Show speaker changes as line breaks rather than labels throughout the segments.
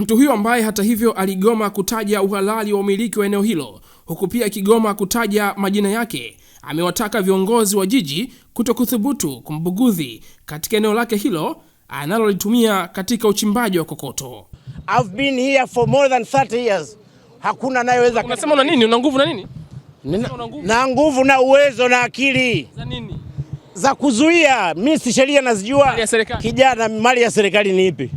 Mtu huyo ambaye hata hivyo aligoma kutaja uhalali wa umiliki wa eneo hilo huku pia akigoma kutaja majina yake, amewataka viongozi wa jiji kutokuthubutu kumbugudhi katika eneo lake hilo analolitumia katika uchimbaji wa kokoto.
I've been here for more than 30 years. Hakuna anayeweza.
Unasema una nini? Una nguvu na nini?
Nina, na nguvu na uwezo na akili za nini? Za kuzuia. Mimi si sheria nazijua. Kijana, mali ya serikali ni ipi?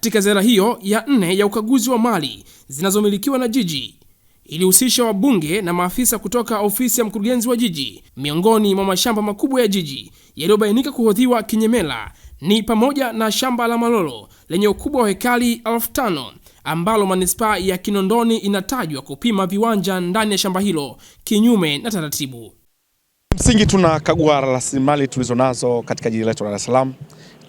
katika ziara hiyo ya nne ya ukaguzi wa mali zinazomilikiwa na jiji ilihusisha wabunge na maafisa kutoka ofisi ya mkurugenzi wa jiji. Miongoni mwa mashamba makubwa ya jiji yaliyobainika kuhodhiwa kinyemela ni pamoja na shamba la Malolo lenye ukubwa wa hekali 5 ambalo manispaa ya Kinondoni inatajwa kupima viwanja ndani ya shamba hilo kinyume na taratibu.
Msingi tunakagua rasilimali tulizonazo katika jiji letu la Dar es Salaam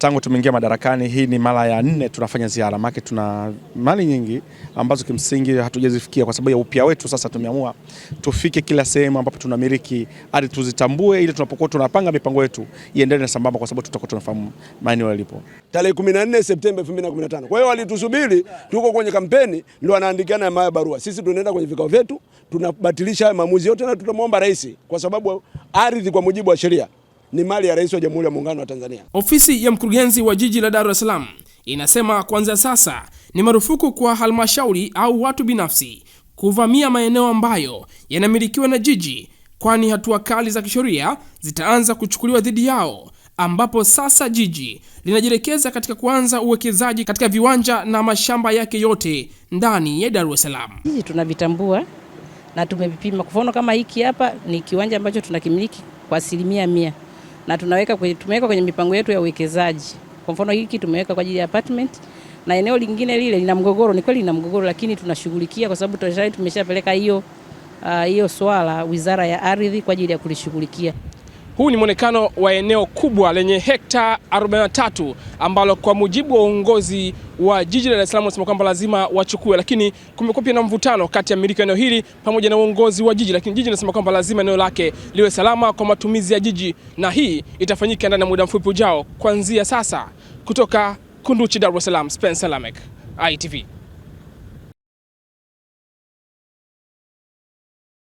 tangu tumeingia madarakani, hii ni mara ya nne tunafanya ziara, maana tuna mali nyingi ambazo kimsingi hatujazifikia kwa sababu ya upya wetu. Sasa tumeamua tufike kila sehemu ambapo tunamiliki hadi tuzitambue, ili tunapokuwa tunapanga mipango yetu iendelee na sambamba, kwa sababu tutakuwa tunafahamu maeneo yalipo.
Tarehe 14 Septemba 2015. Kwa hiyo walitusubiri, tuko kwenye kampeni, ndio wanaandikiana maya barua. Sisi tunaenda kwenye vikao vyetu, tunabatilisha haya maamuzi yote, na tutamwomba rais, kwa sababu ardhi kwa mujibu wa sheria ni mali ya Rais wa Jamhuri ya Muungano wa Tanzania.
Ofisi ya mkurugenzi wa jiji la Dar es Salaam inasema kwanza sasa ni marufuku kwa halmashauri au watu binafsi kuvamia maeneo ambayo yanamilikiwa na jiji, kwani hatua kali za kisheria zitaanza kuchukuliwa dhidi yao, ambapo sasa jiji linajielekeza katika kuanza uwekezaji katika viwanja na mashamba yake yote ndani ya Dar es Salaam.
Jiji tunavitambua na tumevipima. Kwa mfano kama hiki hapa ni kiwanja ambacho tunakimiliki kwa asilimia mia, mia na tunaweka kwenye, tumeweka kwenye mipango yetu ya uwekezaji. Kwa mfano hiki tumeweka kwa ajili ya apartment na eneo lingine lile lina mgogoro, ni kweli lina mgogoro, lakini tunashughulikia kwa sababu tayari tumeshapeleka hiyo ah, hiyo uh, swala Wizara ya Ardhi kwa ajili ya kulishughulikia.
Huu ni mwonekano wa eneo kubwa lenye hekta 43 ambalo kwa mujibu wa uongozi wa jiji la Dar es Salaam unasema kwamba lazima wachukue, lakini kumekuwa pia na mvutano kati ya miliki eneo hili pamoja na uongozi wa jiji, lakini jiji linasema kwamba lazima eneo lake liwe salama kwa matumizi ya jiji, na hii itafanyika ndani ya muda mfupi ujao kuanzia sasa. Kutoka Kunduchi, Dar es Salaam, Spencer Lamek, ITV.